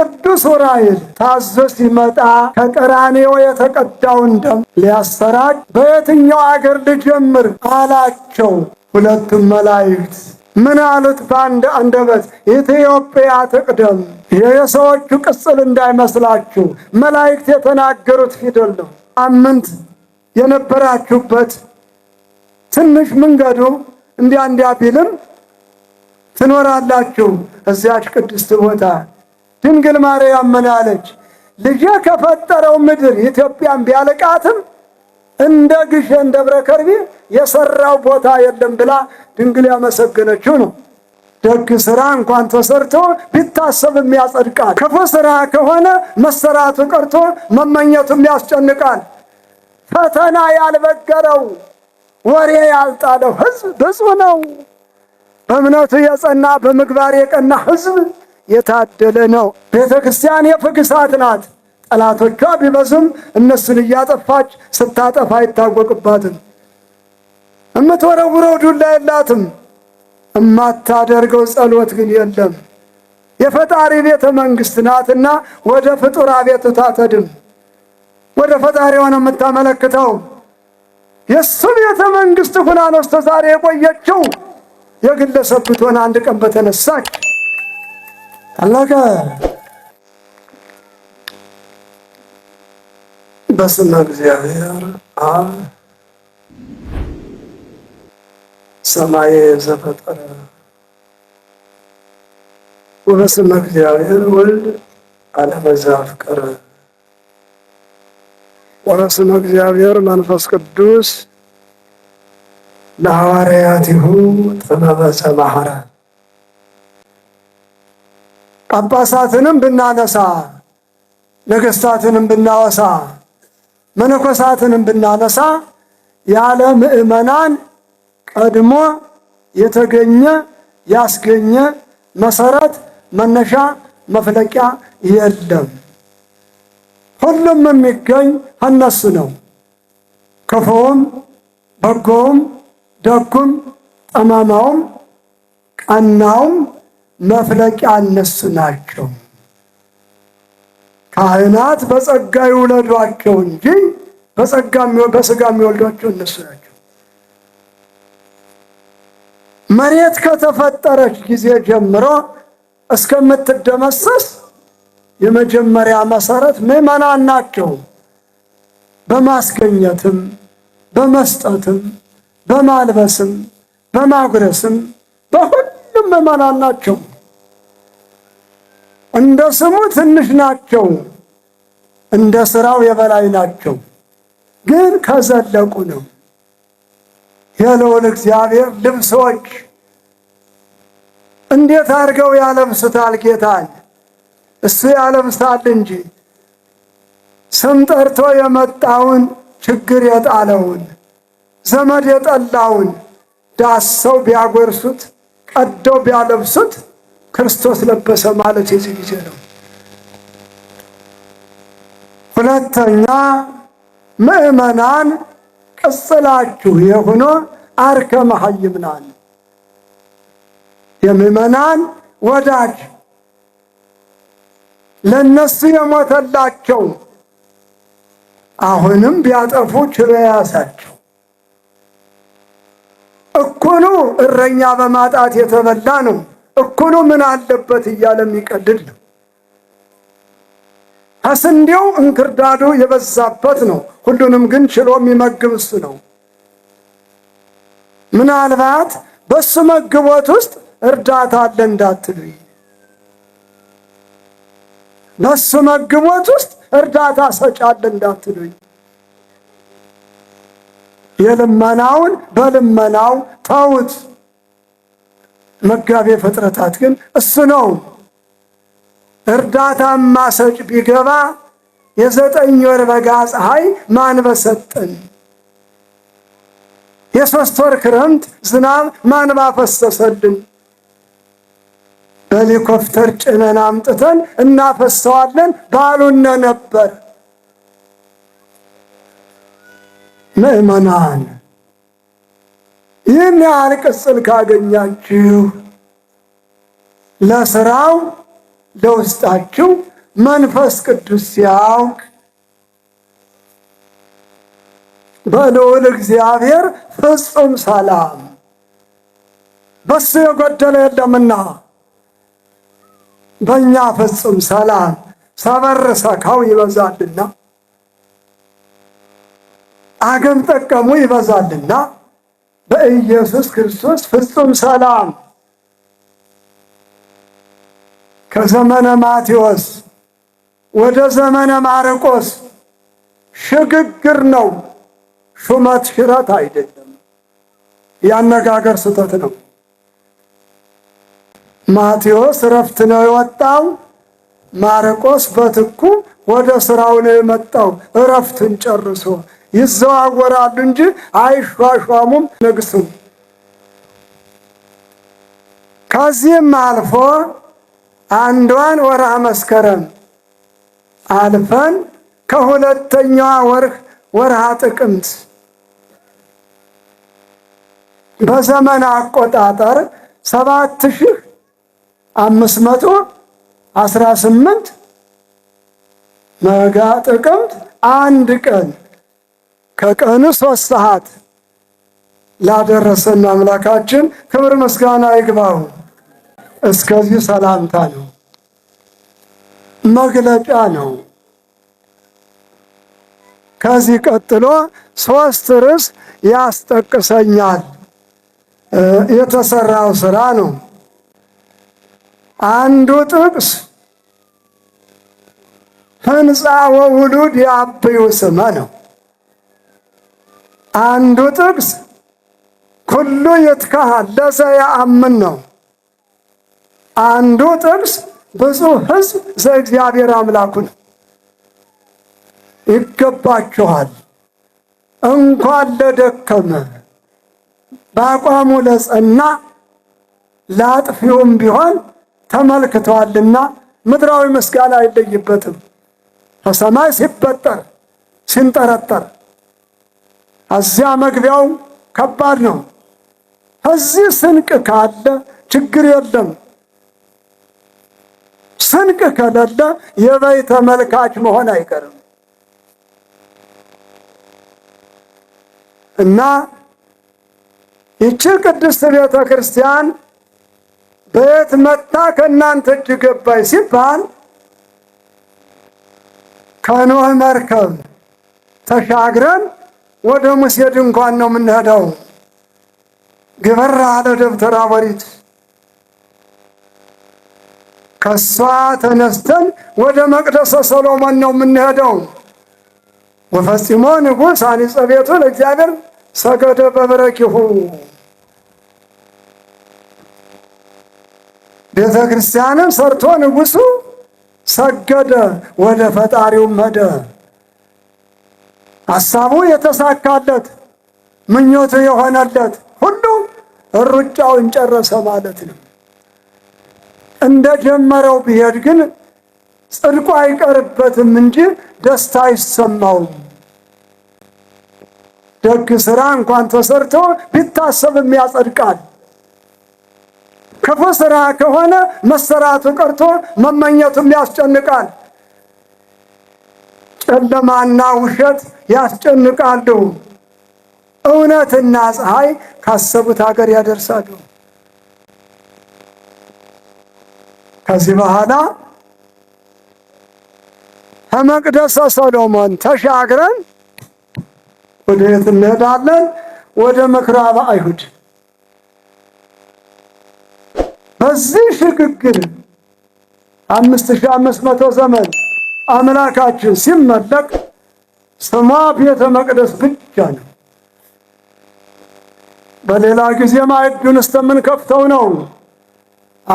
ቅዱስ ዑራኤል ታዞ ሲመጣ ከቀራኔዮ የተቀዳውን ደም ሊያሰራጭ በየትኛው አገር ልጀምር አላቸው። ሁለቱም መላእክት ምን አሉት? በአንድ አንደበት ኢትዮጵያ ትቅደም። የሰዎቹ ቅጽል እንዳይመስላችሁ፣ መላእክት የተናገሩት ፊደል ነው። አምንት የነበራችሁበት ትንሽ መንገዱ እንዲያ እንዲያ ቢልም ትኖራላችሁ እዚያች ቅድስት ቦታ ድንግል ማርያም ምን አለች? ልጄ ከፈጠረው ምድር ኢትዮጵያን ቢያለቃትም እንደ ግሸን ደብረ ከርቤ የሰራው ቦታ የለም ብላ ድንግል ያመሰገነችው ነው። ደግ ስራ እንኳን ተሰርቶ ቢታሰብም ያጸድቃል። ክፉ ስራ ከሆነ መሰራቱ ቀርቶ መመኘቱም ያስጨንቃል። ፈተና ያልበገረው ወሬ ያልጣለው ህዝብ ብዙ ነው። በእምነቱ የጸና በምግባር የቀና ሕዝብ የታደለ ነው። ቤተ ክርስቲያን የፍግ እሳት ናት። ጠላቶቿ ቢበዙም እነሱን እያጠፋች ስታጠፋ አይታወቅባትም። እምትወረውረው ዱላ የላትም። እማታደርገው ጸሎት ግን የለም። የፈጣሪ ቤተ መንግሥት ናትና ወደ ፍጡር አቤቱታ ተድም ወደ ፈጣሪዋ ነው የምታመለክተው። የእሱ ቤተ መንግሥት ሁና ነው እስከ ዛሬ የቆየችው። የግለሰብ ብትሆን አንድ ቀን በተነሳች ታላቅ በስመ እግዚአብሔር አብ ሰማየ ዘፈጠረ ወበስመ እግዚአብሔር ወልድ ዓለመ ዘአፍቀረ ወበስመ እግዚአብሔር መንፈስ ቅዱስ ለሐዋርያቲሁ ጥበበ ዘማኅረ ጳጳሳትንም ብናነሳ ነገስታትንም ብናወሳ መነኮሳትንም ብናነሳ ያለ ምዕመናን ቀድሞ የተገኘ ያስገኘ መሰረት መነሻ መፍለቂያ የለም። ሁሉም የሚገኝ እነሱ ነው። ክፉውም፣ በጎውም፣ ደጉም፣ ጠማማውም፣ ቀናውም መፍለቂያ እነሱ ናቸው። ካህናት በጸጋ ይውለዷቸው እንጂ በጸጋ በስጋ የሚወልዷቸው እነሱ ናቸው። መሬት ከተፈጠረች ጊዜ ጀምሮ እስከምትደመሰስ የመጀመሪያ መሰረት ምዕመናን ናቸው። በማስገኘትም በመስጠትም በማልበስም በማጉረስም በሁሉ ምንም ምዕመናን ናቸው። እንደ ስሙ ትንሽ ናቸው፣ እንደ ስራው የበላይ ናቸው። ግን ከዘለቁ ነው የልዑል እግዚአብሔር ልብሶች እንዴት አድርገው ያለብሱታል ጌታን? እሱ ያለብሳል እንጂ ስም ጠርቶ የመጣውን ችግር የጣለውን ዘመድ የጠላውን ዳሰው ቢያጎርሱት ቀደው ቢያለብሱት ክርስቶስ ለበሰ ማለት የዚህ ጊዜ ነው። ሁለተኛ ምእመናን ቅጽላችሁ የሆኖ አርከ መሐይምናን የምእመናን ወዳጅ ለነሱ የሞተላቸው አሁንም ቢያጠፉ ችሎ ያሳቸው እኩሉ እረኛ በማጣት የተበላ ነው። እኩሉ ምን አለበት እያለ የሚቀድድ ነው። ከስንዴው እንክርዳዱ የበዛበት ነው። ሁሉንም ግን ችሎ የሚመግብ እሱ ነው። ምናልባት በሱ መግቦት ውስጥ እርዳታ አለ እንዳትሉ፣ በሱ መግቦት ውስጥ እርዳታ ሰጫለ እንዳትሉኝ የልመናውን በልመናው ተውት። መጋቤ ፍጥረታት ግን እሱ ነው። እርዳታማ ሰጭ ቢገባ የዘጠኝ ወር በጋ ፀሐይ ማን በሰጠን? የሶስት ወር ክረምት ዝናብ ማን ባፈሰሰልን? በሄሊኮፕተር ጭነን አምጥተን እናፈሰዋለን ባሉነ ነበር። ምዕመናን ይህን ያህል ቅጽል ካገኛችሁ ለስራው ለውስጣችሁ መንፈስ ቅዱስ ሲያውቅ በልዑል እግዚአብሔር ፍጹም ሰላም በሱ የጎደለ የለምና በእኛ ፍጹም ሰላም ሰበር ሰካው ይበዛልና አገም ጠቀሙ ይበዛልና በኢየሱስ ክርስቶስ ፍጹም ሰላም ከዘመነ ማቴዎስ ወደ ዘመነ ማርቆስ ሽግግር ነው። ሹመት ሽረት አይደለም። ያነጋገር ስህተት ነው። ማቴዎስ እረፍት ነው የወጣው። ማርቆስ በትኩ ወደ ስራው ነው የመጣው እረፍትን ጨርሶ ይዘዋወራሉ እንጂ አይሿሿሙም፣ ነግሱም። ከዚህም አልፎ አንዷን ወርሃ መስከረም አልፈን ከሁለተኛዋ ወርህ ወርሃ ጥቅምት በዘመን አቆጣጠር ሰባት ሺህ አምስት መቶ አስራ ስምንት መጋ ጥቅምት አንድ ቀን ከቀኑ ሶስት ሰዓት ላደረሰን አምላካችን ክብር ምስጋና ይግባው። እስከዚህ ሰላምታ ነው፣ መግለጫ ነው። ከዚህ ቀጥሎ ሶስት ርዕስ ያስጠቅሰኛል። የተሰራው ስራ ነው። አንዱ ጥቅስ ህንፃ ወውሉድ ያብዩ ስመ ነው። አንዱ ጥቅስ ኩሉ ይትካሃል ለዘየአምን ነው። አንዱ ጥቅስ ብዙ ሕዝብ ዘእግዚአብሔር አምላኩን ይገባችኋል። እንኳን ለደከመ በአቋሙ ለጸና ለአጥፊውም ቢሆን ተመልክተዋልና ምድራዊ ምስጋና አይለይበትም። ከሰማይ ሲበጠር ሲንጠረጠር እዚያ መግቢያው ከባድ ነው። እዚህ ስንቅ ካለ ችግር የለም። ስንቅ ከሌለ የበይ ተመልካች መሆን አይቀርም እና ይቺ ቅድስት ቤተ ክርስቲያን በየት መጣ ከእናንተ እጅ ገባይ ሲባል ከኖህ መርከብ ተሻግረን ወደ ሙሴ ድንኳን ነው የምንሄደው። ግበራ አለ ደብተር አበሪት ከሷ ተነስተን ወደ መቅደሰ ሰሎሞን ነው የምንሄደው። ወፈጽሞ ንጉሥ አኒጸ ቤቱ ለእግዚአብሔር ሰገደ በበረኪሁ። ቤተ ክርስቲያንም ሰርቶ ንጉሡ ሰገደ፣ ወደ ፈጣሪውም ሄደ። ሐሳቡ የተሳካለት ምኞቱ የሆነለት ሁሉ ሩጫውን ጨረሰ ማለት ነው። እንደጀመረው ቢሄድ ግን ጽድቁ አይቀርበትም እንጂ ደስታ አይሰማውም። ደግ ስራ እንኳን ተሰርቶ ቢታሰብም ያጸድቃል። ክፉ ስራ ከሆነ መሰራቱ ቀርቶ መመኘቱም ያስጨንቃል። ጨለማና ውሸት ያስጨንቃሉ፣ እውነትና ፀሐይ ካሰቡት ሀገር ያደርሳሉ። ከዚህ በኋላ ከመቅደሰ ሰሎሞን ተሻግረን ወደ የት እንሄዳለን? ወደ ምኩራበ አይሁድ። በዚህ ሽግግር አምስት ሺህ አምስት መቶ ዘመን አምላካችን ሲመለክ ስሟ ቤተ መቅደስ ብቻ ነው። በሌላ ጊዜ ማዕዱን እስከምንከፍተው ነው።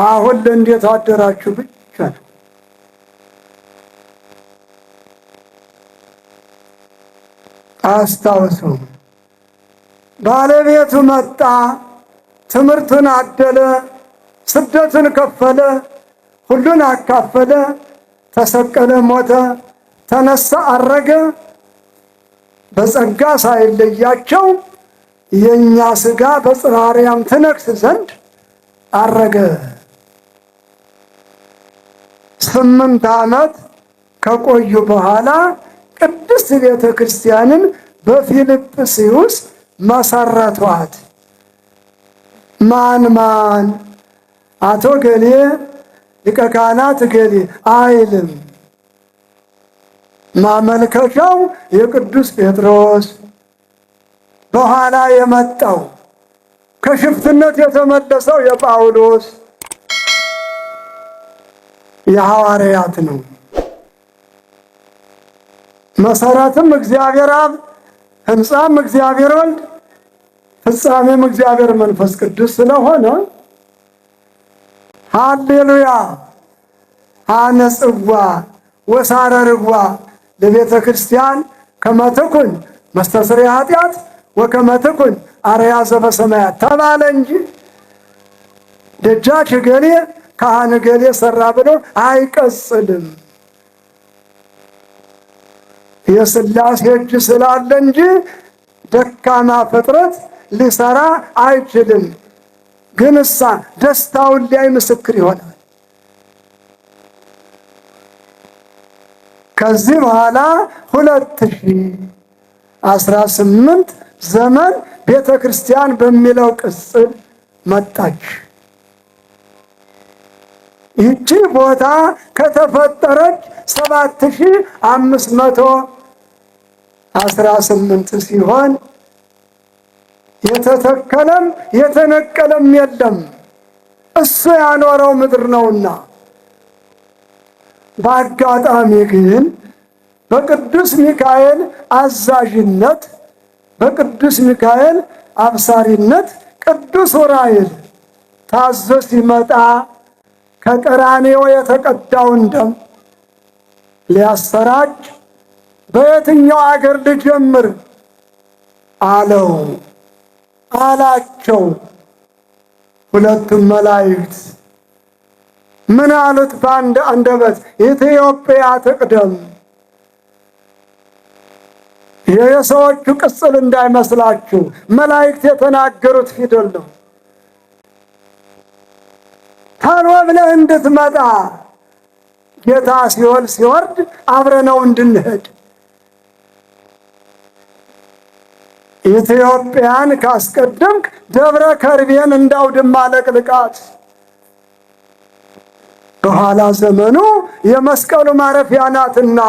አሁን ለእንዴት አደራችሁ ብቻ ነው። አስታውሱ፣ ባለቤቱ መጣ፣ ትምህርትን አደለ፣ ስደትን ከፈለ፣ ሁሉን አካፈለ። ተሰቀለ፣ ሞተ፣ ተነሳ፣ አረገ በጸጋ ሳይለያቸው የእኛ ሥጋ በጽራሪያም ትነክስ ዘንድ አረገ። ስምንት ዓመት ከቆዩ በኋላ ቅድስት ቤተ ክርስቲያንን በፊልጵስዩስ መሰረቷት። ማን ማን? አቶ ገሌ ሊቀ ካህናት እገሌ አይልም። ማመልከቻው የቅዱስ ጴጥሮስ በኋላ የመጣው ከሽፍትነት የተመለሰው የጳውሎስ የሐዋርያት ነው። መሰረትም እግዚአብሔር አብ፣ ሕንፃም እግዚአብሔር ወልድ፣ ፍጻሜም እግዚአብሔር መንፈስ ቅዱስ ስለሆነ ሃሌሉያ አነጽዋ ወሳረርዋ ለቤተ ክርስቲያን ከመትኩን መስተስሪ ኃጢአት ወከመትኩን አርያ ዘበሰማያት ተባለ እንጂ ደጃች እገሌ ካህን እገሌ ሰራ ብሎ አይቀጽልም። የስላሴ እጅ ስላለ እንጂ ደካማ ፍጥረት ሊሰራ አይችልም። ግንሳ ደስታውን ሊያይ ምስክር ይሆናል። ከዚህ በኋላ ሁለት ሺህ አስራ ስምንት ዘመን ቤተ ክርስቲያን በሚለው ቅጽል መጣች። ይቺ ቦታ ከተፈጠረች ሰባት ሺህ አምስት መቶ አስራ ስምንት ሲሆን የተተከለም የተነቀለም የለም እሱ ያኖረው ምድር ነውና። በአጋጣሚ ግን በቅዱስ ሚካኤል አዛዥነት በቅዱስ ሚካኤል አብሳሪነት ቅዱስ ዑራኤል ታዞ ሲመጣ ከቀራኔዮ የተቀዳውን ደም ሊያሰራጭ በየትኛው አገር ልጀምር አለው። አላቸው። ሁለቱም መላእክት ምን አሉት? በአንድ አንደበት ኢትዮጵያ ትቅደም። የሰዎቹ ቅጽል እንዳይመስላችሁ መላእክት የተናገሩት ፊደል ነው። ታሎ ብለህ እንድትመጣ ጌታ ሲወል ሲወርድ አብረነው እንድንሄድ ኢትዮጵያን ካስቀደምክ ደብረ ከርቤን እንዳውድማ ለቅልቃት። በኋላ ዘመኑ የመስቀሉ ማረፊያ ናትና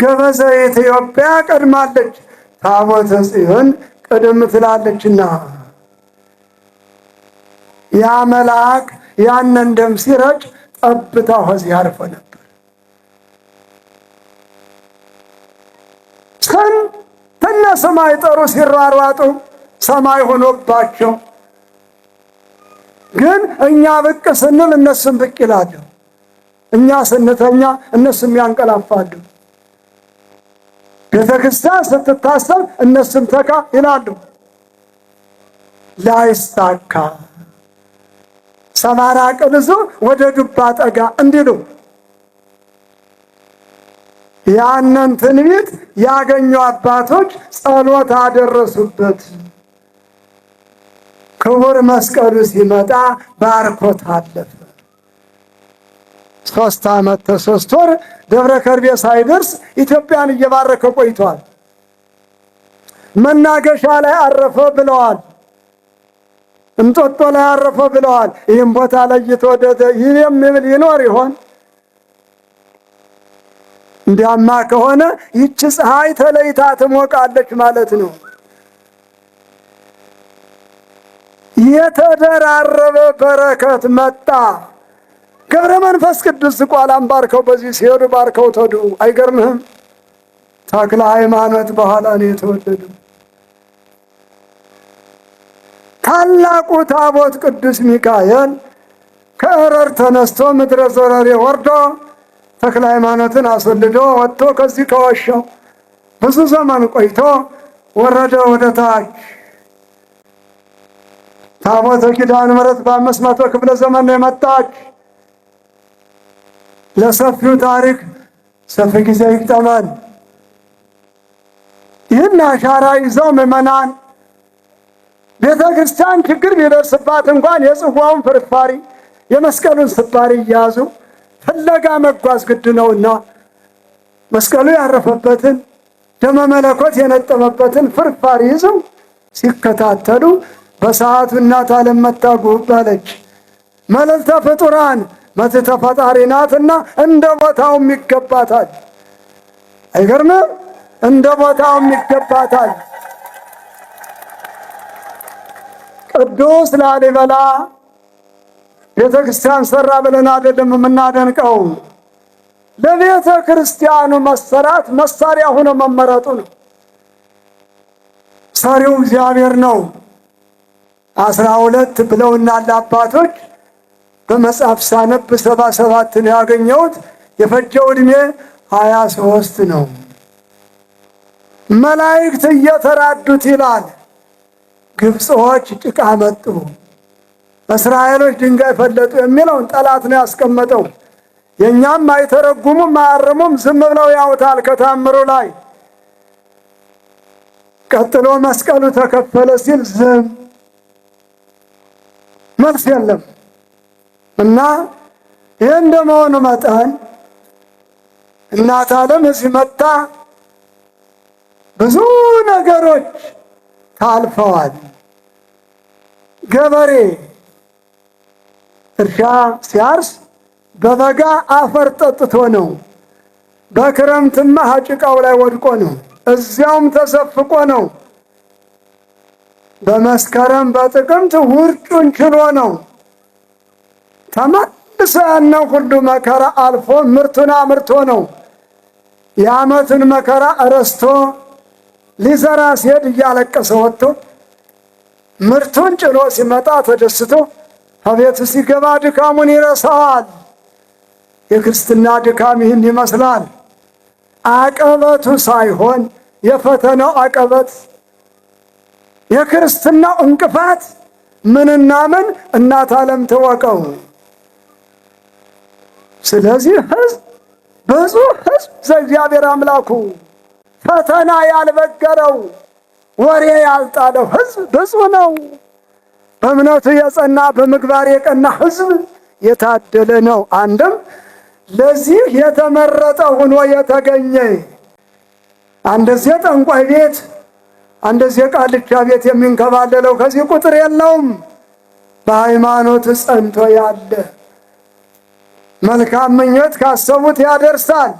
ገበዘ ኢትዮጵያ ቀድማለች፣ ታቦተ ጽዮን ቅድም ትላለችና ያ መልአክ ያንን ደም ሲረጭ ጠብታ ሆዚ ያርፈ ነበር። ስንትና ሰማይ ጠሩ ሲሯሯጡ ሰማይ ሆኖባቸው፣ ግን እኛ ብቅ ስንል እነሱም ብቅ ይላሉ። እኛ ስንተኛ እነሱም ያንቀላፋሉ። ቤተ ክርስቲያን ስትታሰብ እነሱም ተካ ይላሉ። ላይሳካ ሰባራ ቅልዙ ወደ ዱባ ጠጋ እንዲሉ ያንን ትንቢት ያገኙ አባቶች ጸሎት አደረሱበት። ክቡር መስቀሉ ሲመጣ ባርኮት አለፈ። ሶስት ዓመት ተሶስት ወር ደብረ ከርቤ ሳይደርስ ኢትዮጵያን እየባረከ ቆይቷል። መናገሻ ላይ አረፈ ብለዋል። እንጦጦ ላይ አረፈ ብለዋል። ይህም ቦታ ለይቶ ወደደ ይህ የሚብል ይኖር ይሆን? እንዲያማ ከሆነ ይቺ ፀሐይ ተለይታ ትሞቃለች ማለት ነው። የተደራረበ በረከት መጣ። ገብረ መንፈስ ቅዱስ ቋላም ባርከው በዚህ ሲሄዱ ባርከው ተዱ። አይገርምህም? ተክለ ሃይማኖት በኋላ ነው የተወለደው። ታላቁ ታቦት ቅዱስ ሚካኤል ከእረር ተነስቶ ምድረ ዘረሬ ወርዶ ተክለ ሃይማኖትን አስወልዶ ወጥቶ ከዚህ ከዋሻው ብዙ ዘመን ቆይቶ ወረደ ወደ ታች። ታቦተ ኪዳነ ምሕረት በአምስት መቶ ክፍለ ዘመን ነው የመጣች። ለሰፊው ታሪክ ሰፊ ጊዜ ይግጠመን። ይህን አሻራ ይዘው ምዕመናን ቤተ ክርስቲያን ችግር ቢደርስባት እንኳን የጽዋውን ፍርፋሪ የመስቀሉን ስባሪ እያያዙ ፍለጋ መጓዝ ግድ ነውና መስቀሉ ያረፈበትን ደመ መለኮት የነጠበበትን ፍርፋሪ ይዘው ሲከታተሉ በሰዓቱ እናት ዓለም መታጉብ አለች። መለልተ ፍጡራን መትሕተ ፈጣሪ ናትና እንደ ቦታውም ይገባታል። አይገርምም? እንደ ቦታውም ይገባታል። ቅዱስ ላሊበላ ቤተ ክርስቲያን ሰራ ብለን አይደለም የምናደንቀው፣ ለቤተ ክርስቲያኑ መሰራት መሳሪያ ሆኖ መመረጡ ነው። ሰሪው እግዚአብሔር ነው። አስራ ሁለት ብለውናል አባቶች። በመጽሐፍ ሳነብ ሰባ ሰባት ነው ያገኘሁት። የፈጀው ዕድሜ ሀያ ሶስት ነው። መላእክት እየተራዱት ይላል። ግብፆች ጭቃ መጡ። እስራኤሎች ድንጋይ ፈለጡ የሚለውን ጠላት ነው ያስቀመጠው። የእኛም አይተረጉሙም አያርሙም፣ ዝም ብለው ያውታል ከታምሩ ላይ። ቀጥሎ መስቀሉ ተከፈለ ሲል ዝም መልስ የለም እና ይህ እንደመሆኑ መጠን እናት ዓለም እዚህ መጣ። ብዙ ነገሮች ታልፈዋል። ገበሬ እርሻ ሲያርስ በበጋ አፈር ጠጥቶ ነው፣ በክረምትማ ሀጭቃው ላይ ወድቆ ነው፣ እዚያውም ተሰፍቆ ነው። በመስከረም በጥቅምት ውርጩን ችሎ ነው። ተመልሶ ያነው ሁሉ መከራ አልፎ ምርቱን አምርቶ ነው። የዓመቱን መከራ እረስቶ ሊዘራ ሲሄድ እያለቀሰ ወጥቶ ምርቱን ጭሎ ሲመጣ ተደስቶ ከቤት ሲገባ ድካሙን ይረሳዋል። የክርስትና ድካም ይህን ይመስላል። አቀበቱ ሳይሆን የፈተናው አቀበት፣ የክርስትናው እንቅፋት ምንና ምን እናት ዓለም ተወቀው። ስለዚህ ህዝብ ብዙ ህዝብ ዘእግዚአብሔር አምላኩ ፈተና ያልበገረው ወሬ ያልጣለው ህዝብ ብዙ ነው። በእምነቱ የጸና በምግባር የቀና ሕዝብ የታደለ ነው። አንድም ለዚህ የተመረጠ ሆኖ የተገኘ አንደዚህ ጠንቋይ ቤት አንደዚህ ቃልቻ ቤት የሚንከባለለው ከዚህ ቁጥር የለውም። በሃይማኖት ጸንቶ ያለ መልካም ምኞት ካሰቡት ያደርሳል።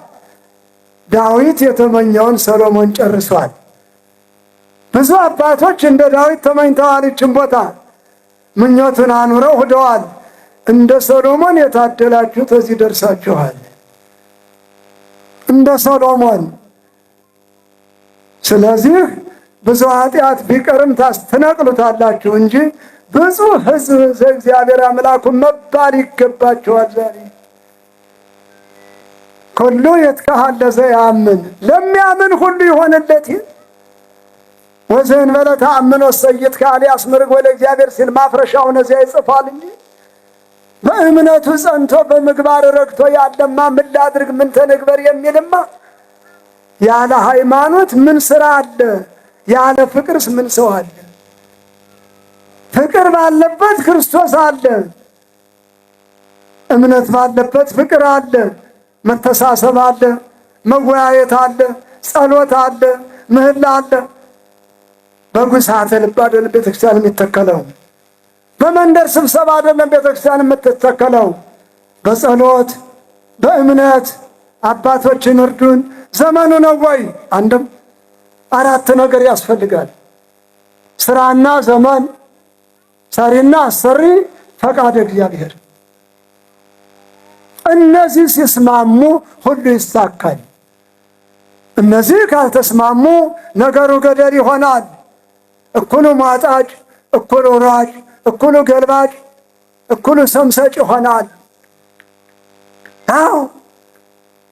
ዳዊት የተመኘውን ሰሎሞን ጨርሷል። ብዙ አባቶች እንደ ዳዊት ተመኝተዋል ይችን ቦታ ምኞትን አኑረው ሂደዋል። እንደ ሰሎሞን የታደላችሁ እዚህ ደርሳችኋል። እንደ ሰሎሞን። ስለዚህ ብዙ ኃጢአት ቢቀርም ታስተናቅሉታላችሁ እንጂ ብዙ ሕዝብ ዘእግዚአብሔር አምላኩ መባል ይገባችኋል። ዛሬ ሁሉ የትካሃለ ዘያምን ለሚያምን ሁሉ ይሆንለት ወዘን በለታ አምኖ ሰይት ከአሊ አስምርግ ወለ እግዚአብሔር ሲል ማፍረሻው እዚያ ይጽፋል። እንጂ በእምነቱ ጸንቶ በምግባር ረግቶ ያለማ ምን ላድርግ ምን ተንግበር የሚልማ ያለ ሃይማኖት ምን ስራ አለ? ያለ ፍቅርስ ምን ሰው አለ? ፍቅር ባለበት ክርስቶስ አለ። እምነት ባለበት ፍቅር አለ። መተሳሰብ አለ። መወያየት አለ። ጸሎት አለ። ምህላ አለ። በጉሳተ ልብ አይደለም ቤተክርስቲያን የሚተከለው፣ በመንደር ስብሰባ አይደለም ቤተክርስቲያን የምትተከለው። በጸሎት በእምነት አባቶችን እርዱን። ዘመኑ ነው ወይ? አንድም አራት ነገር ያስፈልጋል። ስራና ዘመን፣ ሰሪና አሰሪ፣ ፈቃድ እግዚአብሔር። እነዚህ ሲስማሙ ሁሉ ይሳካል። እነዚህ ካልተስማሙ ነገሩ ገደል ይሆናል። እኮ ነው ማጣጭ፣ እኮ ነው ሯጭ፣ እኮ ነው ገልባጭ፣ እኮ ነው ሰምሰጭ ይሆናል። አዎ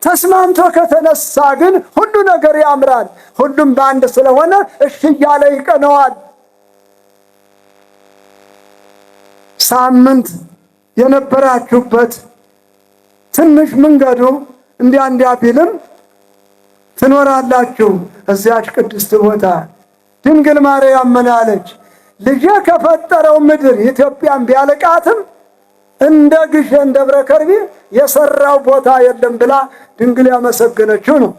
ተስማምቶ ከተነሳ ግን ሁሉ ነገር ያምራል። ሁሉም በአንድ ስለሆነ እሺ እያለ ይቀነዋል። ሳምንት የነበራችሁበት ትንሽ መንገዱ እንዲያ እንዲያ ቢልም ትኖራላችሁ እዚያች ቅድስት ቦታ ድንግል ማርያም ምን አለች? ልጄ ከፈጠረው ምድር ኢትዮጵያን ቢያልቃትም እንደ ግሸን ደብረ ከርቤ የሰራው ቦታ የለም ብላ ድንግል ያመሰገነችው ነው።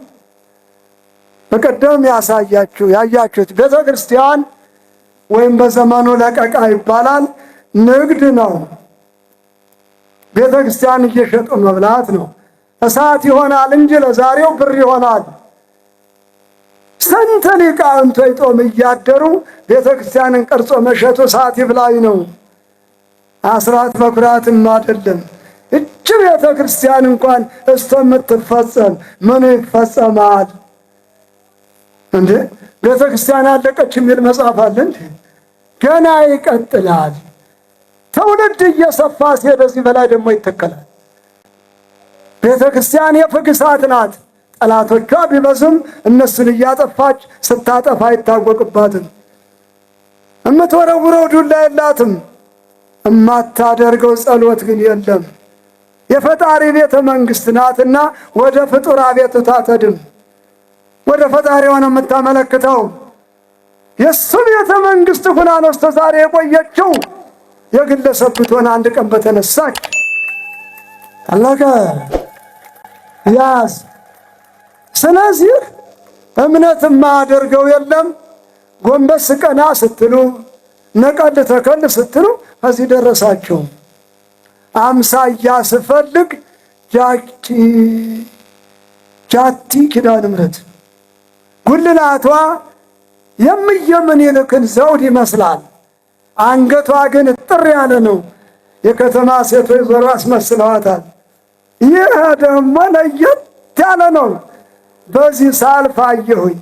በቀደም ያሳያችሁ ያያችሁት ቤተ ክርስቲያን ወይም በዘመኑ ለቀቃ ይባላል። ንግድ ነው። ቤተ ክርስቲያን እየሸጡ መብላት ነው። እሳት ይሆናል እንጂ ለዛሬው ብር ይሆናል። ስንት ሊቃውንት ጦም እያደሩ ቤተ ክርስቲያንን ቀርጾ መሸቶ ሰዓት ይብላኝ ነው። አስራት በኩራትም አይደለም። እጅ ቤተ ክርስቲያን እንኳን እስተምትፈጸም ምኑ ይፈጸማል እንዴ? ቤተ ክርስቲያን አለቀች የሚል መጽሐፍ አለ እንዴ? ገና ይቀጥላል። ትውልድ እየሰፋ ሲሄድ በዚህ በላይ ደግሞ ይተከላል። ቤተ ክርስቲያን የፍግ እሳት ናት። ጠላቶቿ ቢበዙም እነሱን እያጠፋች ስታጠፋ አይታወቅባትም። እምትወረውረው ዱላ የላትም። እማታደርገው ጸሎት ግን የለም። የፈጣሪ ቤተ መንግሥት ናትና ወደ ፍጡር አቤት ታተድም ወደ ፈጣሪዋ ነው የምታመለክተው። የእሱ ቤተ መንግሥት ሁና ነው እስከ ዛሬ የቆየችው። የግለሰብ ብትሆን አንድ ቀን በተነሳች አለቀ ያዝ ስለዚህ እምነትማ አደርገው የለም ጎንበስ ቀና ስትሉ ነቀል ተከል ስትሉ እዚህ ደረሳቸው። አምሳያ ስፈልግ ጃቲ ጃቲ ኪዳነ ምሕረት ጉልላቷ የምየምን ይልክን ዘውድ ይመስላል። አንገቷ ግን ጥር ያለ ነው። የከተማ ሴቶች ዞሮ አስመስለዋታል። ይህ ደግሞ ለየት ያለ ነው። በዚህ ሳልፍ አየሁኝ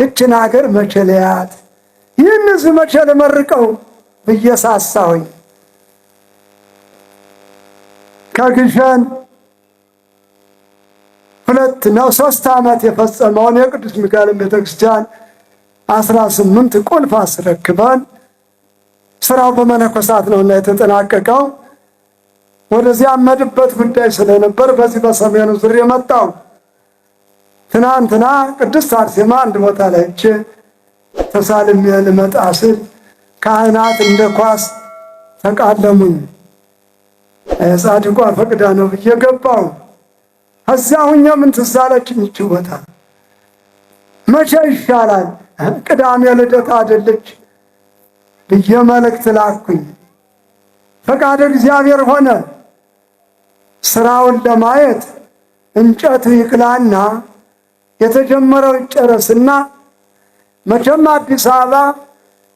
ይችን ሀገር መቼ ልያት ይህን ሕዝብ መቼ ልመርቀው ብዬ ሳሳሁኝ ከግሸን ሁለት ነው ሶስት ዓመት የፈጸመውን የቅዱስ ሚካኤል ቤተክርስቲያን አስራ ስምንት ቁልፍ አስረክበን ስራው በመነኮሳት ነውና የተጠናቀቀው ወደዚያ መድበት ጉዳይ ስለነበር በዚህ በሰሜኑ ዙር የመጣው ትናንትና ቅድስት አርሴማ አንድ ቦታ ላይ ሄጄ ተሳልሜ ልመጣ ስል ካህናት እንደ ኳስ ተቃለሙኝ። ጻድቋ ፈቅዳ ነው ብዬ ገባሁ። እዚያ ሁኜ ምን ትዝ አለችኝ ቦታ መቼ ይሻላል ቅዳሜ ልደት አደለች ብዬ መልእክት ላኩኝ። ፈቃድ እግዚአብሔር ሆነ። ስራውን ለማየት እንጨት ይቅላና የተጀመረው ይጨረስና መቼም አዲስ አበባ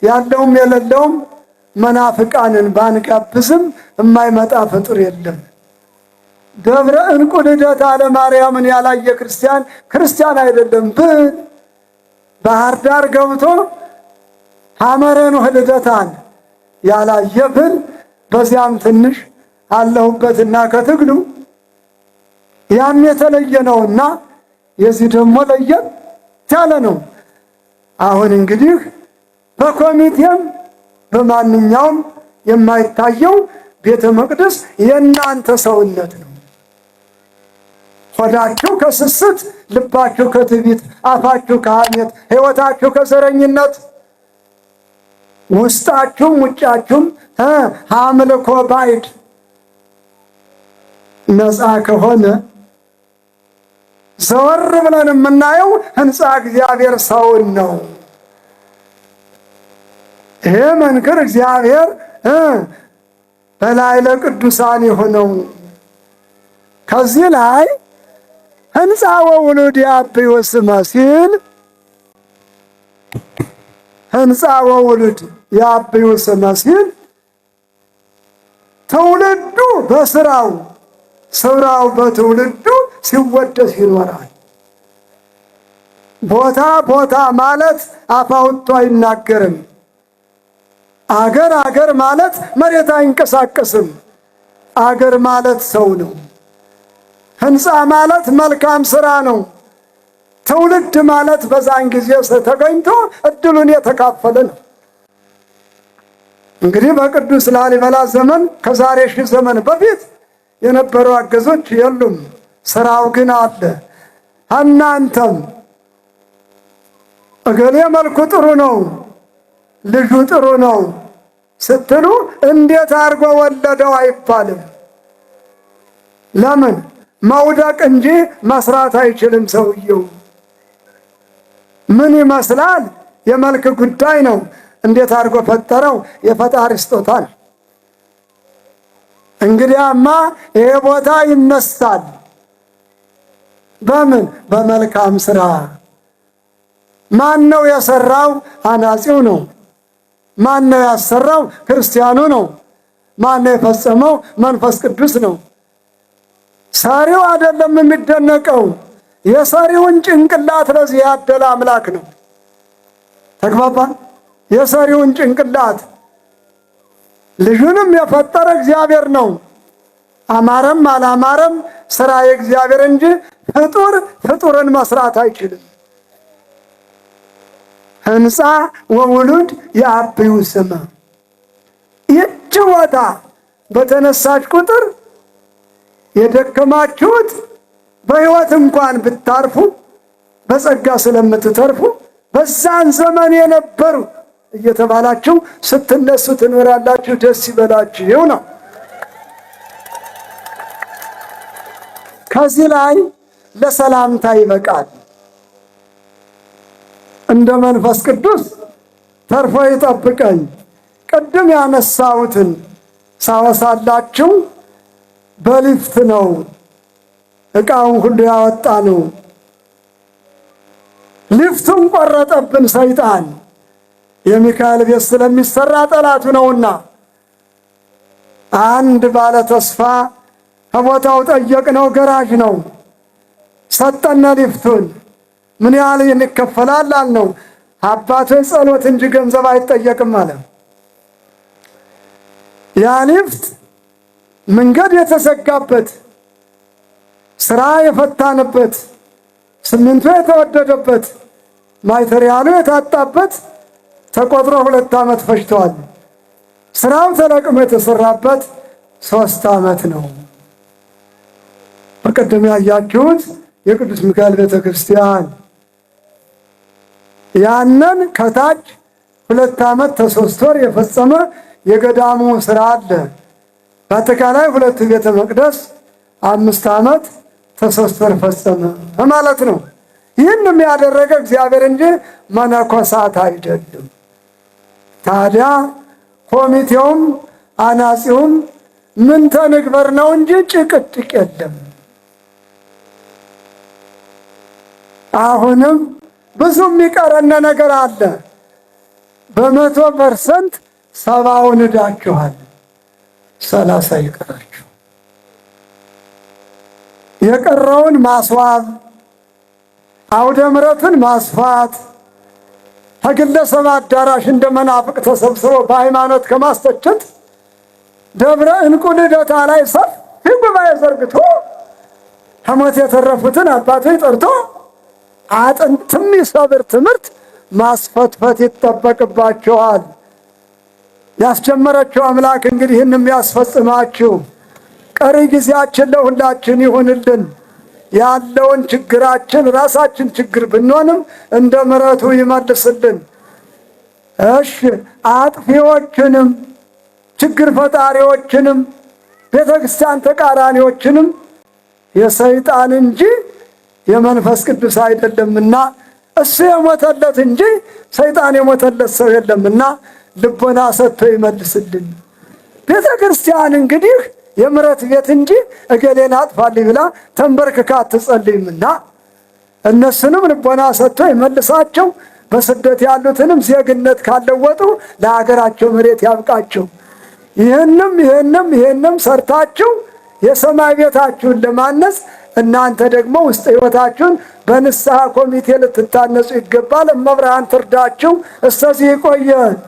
ያለውም የሌለውም መናፍቃንን ባንቀብስም የማይመጣ ፍጡር የለም። ደብረ እንቁ ልደታ ለማርያምን ያላየ ክርስቲያን ክርስቲያን አይደለም ብል ባህር ዳር ገብቶ ሐመረ ኖኅ ልደታን ያላየ ብል በዚያም ትንሽ አለሁበትና ከትግሉ ያም የተለየ ነውና የዚህ ደግሞ ለየት ያለ ነው። አሁን እንግዲህ በኮሚቴም በማንኛውም የማይታየው ቤተ መቅደስ የእናንተ ሰውነት ነው። ሆዳችሁ ከስስት፣ ልባችሁ ከትዕቢት፣ አፋችሁ ከሐሜት፣ ሕይወታችሁ ከዘረኝነት፣ ውስጣችሁም ውጫችሁም አምልኮ ባዕድ ነፃ ከሆነ ዘወር ብለን የምናየው ህንፃ እግዚአብሔር ሰውን ነው። ይሄ መንክር እግዚአብሔር በላይለ ቅዱሳን የሆነው ከዚህ ላይ ህንፃ ወውሉድ ያብዮ ስመ ሲል ህንፃ ወውሉድ ያብዮ ስመ ሲል ትውልዱ በስራው ስራው በትውልዱ ሲወደስ ይኖራል። ቦታ ቦታ ማለት አፋውቶ አይናገርም። አገር አገር ማለት መሬት አይንቀሳቀስም። አገር ማለት ሰው ነው። ህንፃ ማለት መልካም ስራ ነው። ትውልድ ማለት በዛን ጊዜ ተገኝቶ እድሉን የተካፈለ ነው። እንግዲህ በቅዱስ ላሊበላ ዘመን ከዛሬ ሺህ ዘመን በፊት የነበሩ አገዞች የሉም። ስራው ግን አለ። እናንተም እገሌ መልኩ ጥሩ ነው፣ ልጁ ጥሩ ነው ስትሉ እንዴት አድርጎ ወለደው አይባልም። ለምን መውደቅ እንጂ መስራት አይችልም ሰውየው። ምን ይመስላል? የመልክ ጉዳይ ነው። እንዴት አድርጎ ፈጠረው? የፈጣሪ ስጦታ እንግዲያማ ይሄ ቦታ ይነሳል። በምን በመልካም ስራ። ማን ነው የሰራው? አናጺው ነው። ማን ነው ያሰራው? ክርስቲያኑ ነው። ማን ነው የፈጸመው? መንፈስ ቅዱስ ነው። ሰሪው አይደለም የሚደነቀው፣ የሰሪውን ጭንቅላት ለዚህ ያደለ አምላክ ነው። ተግባባን? የሰሪውን ጭንቅላት ልጁንም የፈጠረ እግዚአብሔር ነው። አማረም አላማረም ስራ የእግዚአብሔር እንጂ ፍጡር ፍጡርን መስራት አይችልም። ህንፃ ወውሉድ የአብዩ ስመ። ይች ቦታ በተነሳች ቁጥር የደከማችሁት በሕይወት እንኳን ብታርፉ በጸጋ ስለምትተርፉ በዛን ዘመን የነበሩ እየተባላችሁ ስትነሱ ትኖራላችሁ። ደስ ይበላችሁ ነው። ከዚህ ላይ ለሰላምታ ይበቃል። እንደ መንፈስ ቅዱስ ተርፎ ይጠብቀኝ። ቅድም ያነሳሁትን ሳወሳላችሁ በሊፍት ነው እቃውን ሁሉ ያወጣ ነው። ሊፍቱን ቆረጠብን ሰይጣን። የሚካኤል ቤት ስለሚሰራ ጠላቱ ነውና አንድ ባለ ተስፋ ከቦታው ጠየቅነው። ገራዥ ነው ሰጠነ ሊፍቱን። ምን ያህል ይከፈላል አልነው። አባቶች ጸሎት እንጂ ገንዘብ አይጠየቅም አለ። ያ ሊፍት መንገድ የተዘጋበት ስራ የፈታንበት፣ ሲሚንቶ የተወደደበት፣ ማቴሪያሉ የታጣበት ተቆጥሮ ሁለት ዓመት ፈጅተዋል። ስራም ተለቅሞ የተሰራበት ሶስት ዓመት ነው። በቀደም ያያችሁት የቅዱስ ሚካኤል ቤተ ክርስቲያን ያንን ከታች ሁለት ዓመት ተሶስት ወር የፈጸመ የገዳሙ ስራ አለ። በአጠቃላይ ሁለቱ ቤተ መቅደስ አምስት ዓመት ተሶስት ወር ፈጸመ ማለት ነው። ይህንም ያደረገ እግዚአብሔር እንጂ መነኮሳት አይደለም። ታዲያ ኮሚቴውም አናጺውም ምን ተንግበር ነው እንጂ ጭቅጭቅ የለም። አሁንም ብዙ የሚቀረነ ነገር አለ። በመቶ ፐርሰንት ሰባውን እዳችኋል፣ ሰላሳ ይቀራችሁ። የቀረውን ማስዋብ አውደ ምሕረትን ማስፋት ከግለሰብ አዳራሽ እንደ መናፍቅ ተሰብስቦ በሃይማኖት ከማስተቸት ደብረ እንቁ ልደታ ላይ ሰፊ ጉባኤ ዘርግቶ ከሞት የተረፉትን አባቶች ጠርቶ አጥንት የሚሰብር ትምህርት ማስፈትፈት ይጠበቅባቸዋል። ያስጀመረችው አምላክ እንግዲህ ይህን የሚያስፈጽማችሁ ቀሪ ጊዜያችን ለሁላችን ይሁንልን። ያለውን ችግራችን ራሳችን ችግር ብንሆንም እንደ ምረቱ ይመልስልን። እሺ አጥፊዎችንም ችግር ፈጣሪዎችንም ቤተ ክርስቲያን ተቃራኒዎችንም የሰይጣን እንጂ የመንፈስ ቅዱስ አይደለምና እሱ የሞተለት እንጂ ሰይጣን የሞተለት ሰው የለምና ልቦና ሰጥቶ ይመልስልን። ቤተ ክርስቲያን እንግዲህ የምረት ቤት እንጂ እገሌን አጥፋልኝ ብላ ተንበርክካ አትጸልይምና እነሱንም ልቦና ሰጥቶ ይመልሳቸው። በስደት ያሉትንም ዜግነት ካለወጡ ለሀገራቸው መሬት ያብቃቸው። ይህንም ይህንም ይህንም ሰርታችሁ የሰማይ ቤታችሁን ለማነጽ እናንተ ደግሞ ውስጥ ሕይወታችሁን በንስሐ ኮሚቴ ልትታነጹ ይገባል። እመብርሃን ትርዳችሁ። እስከዚህ ይቆየን።